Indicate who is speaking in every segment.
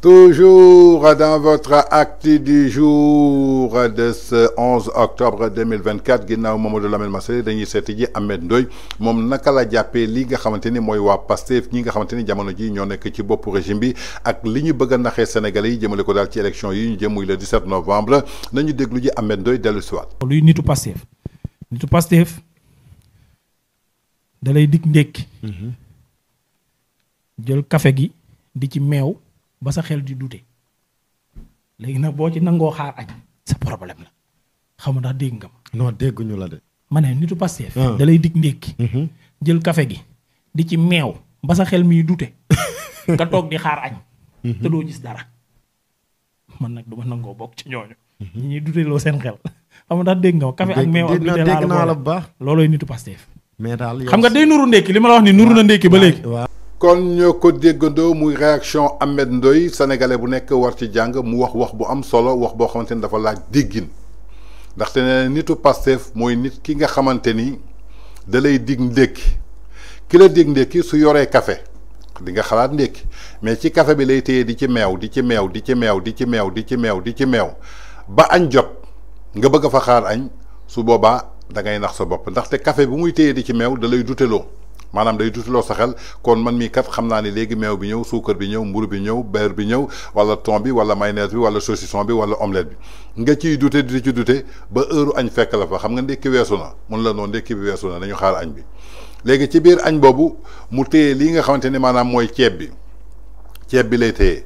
Speaker 1: Toujours dans votre acte du jour de ce 11 octobre 2024 ginnaaw Mamadou Lamine Massaly dañuy seeti ji Ahmed Ndoye Mom Nakala la jàppee li nga xamante ni mooy Pastef ñi nga xamante ni jamono ji ñoo nekk ci boppu régime bi ak li ñu bëgg a naxee Sénégalais yi jëmale ko daal ci élection yi ñu jëm le 17 novembre nañu déglu ji Ahmed Ndoye dellu si waat.
Speaker 2: luy nitu Pastef nitu Pastef da lay dig -hmm. jël kafe gi di ci meew ba sa xel di dute léegi nag boo ci nangoo xaar añ sa problème la xamu ndax dégg nga ma. non dégguñu la de. ma ne nitu Pastef. Ah. da lay dig ndékki. Mm-hmm. jël kafe gi di ci meew ba sa xel miy dute nga toog di xaar añ. Mm-hmm. te doo gis dara. man nag du ma nangoo bokk ci ñooñu. Mm-hmm. ñi ñuy duteloo seen xel. xam nga ndax nuru
Speaker 1: ndékki li ma la wax ni nuru na ndékki ba léegi. kon ñoko muy réaction Ahmed ndoy sénégalais bu nekk war ci jàng mu wax wax bu am solo wax boo xamante ni dafa laaj déggin ndaxte nitu Pastef mooy nit ki nga xamante da lay la dig su café di nga xalaat mais ci café bi lay téye di ci meew di ci meew di ci di ci di ci di ci ba nga fa xaar añ su maanaam day tuuti loo sa xel kon man mii kat xam naa ni léegi meew bi ñëw suukar bi ñëw mburu bi ñëw beurre bi ñëw wala ton bi wala mayonnaise bi wala saucisson bi wala omelette bi nga ciy dute di ci dute ba heure añ fekk la fa xam nga ndékki weesu na mun la noonu ndékki bi weesu na nañu xaar añ bi léegi ci biir añ boobu mu téye lii nga xamante ni maanaam mooy ceeb bi ceeb bi lay téye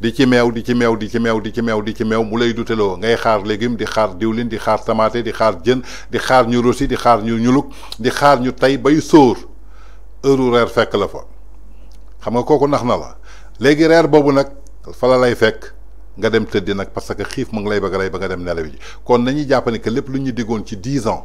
Speaker 1: di ci meew di ci meew di ci meew di ci meew di ci meew mu lay duteloo ngay xaar légume di xaar diwlin di xaar di xaar jën di xaar ñu rosi di xaar ñu ñuluk di xaar ñu tey bay sóor heure reer fekk la fa xam nga kooku nax na la léegi reer boobu nag fa la lay fekk nga dem tëddi nag parce que xiif mu ngi lay bëgg lay ba nga dem nelaw ji kon nañuy jàpp ne que lépp lu ñu diggoon ci dix ans.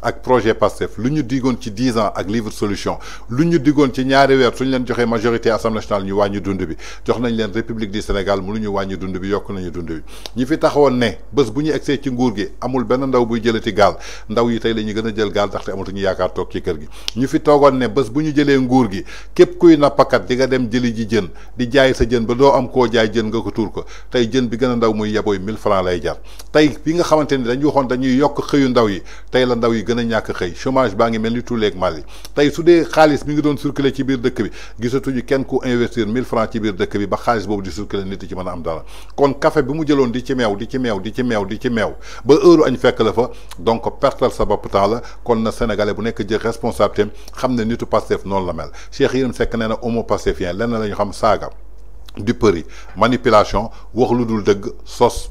Speaker 1: ak projet PASTEF lu ñu digoon ci 10 ans ak livre solution lu ñu digoon ci ñaari weer suñu leen joxee majorité assemblée nationale ñu wañu dund bi jox nañ leen république du Sénégal mu lu ñu wàññi dund bi yok nañu dund bi ñi fi taxawoon ne bés bu ñu egsee ci nguur gi amul ben ndaw buy jëlati gal ndaw yi tay lañu gëna gën a jël gaal ndaxte amatuñu yaakaar toog ci kër gi ñu fi toogoon ne bés bu ñu jëlee nguur gi képp kuy napakat di nga dem jëli ji jën di jaay sa jën ba do am ko jaay jën nga ko tour ko tay jën bi gëna ndaw muy yabooy 1000 francs lay jar tay bi nga xamanteni dañu waxoon dañuy yok xeyu ndaw yi tay la ndaw yi gën a ñàkk xëy chômage baa ngi mel ni Mali tey su dee xaalis mi ngi doon circulé ci biir dëkk bi gisatuñu kenn ku investir mille francs ci biir dëkk bi ba xaalis boobu di circulé nit ci am dara kon café bi mu jëloon di ci meew di ci meew di ci meew di ci meew ba heure añ fekk la fa donc pertal sa bopp temps kon na sénégalais bu nekk jël responsabilité xam nitu passef noonu la mel Cheikh nee na homo lenn la xam saaga du manipulation wax lu dul dëgg sos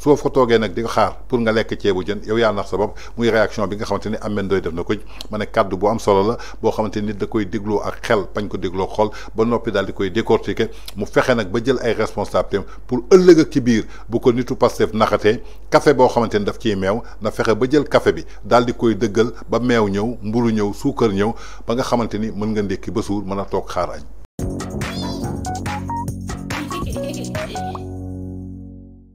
Speaker 1: soo fa toogee nag di ko xaar pour nga lekk ceebu jën yow yaa nax sa bopp muy réaction bi nga xamante ni Ameth Ndoye def na ko ma ne kàddu bu am solo la boo xamante ni da koy dégloo ak xel bañ ko dégloo xol ba noppi daal di koy décortiquer mu fexe nag ba jël ay responsabilités pour ëllëg ak ci biir bu ko nitu Pastef naxatee kafe boo xamante ni daf ciy meew na fexe ba jël kafe bi daal di koy dëggal ba meew ñëw mburu ñëw suukar ñëw ba nga xamante ni mën nga ndékki ba suur mën a toog xaar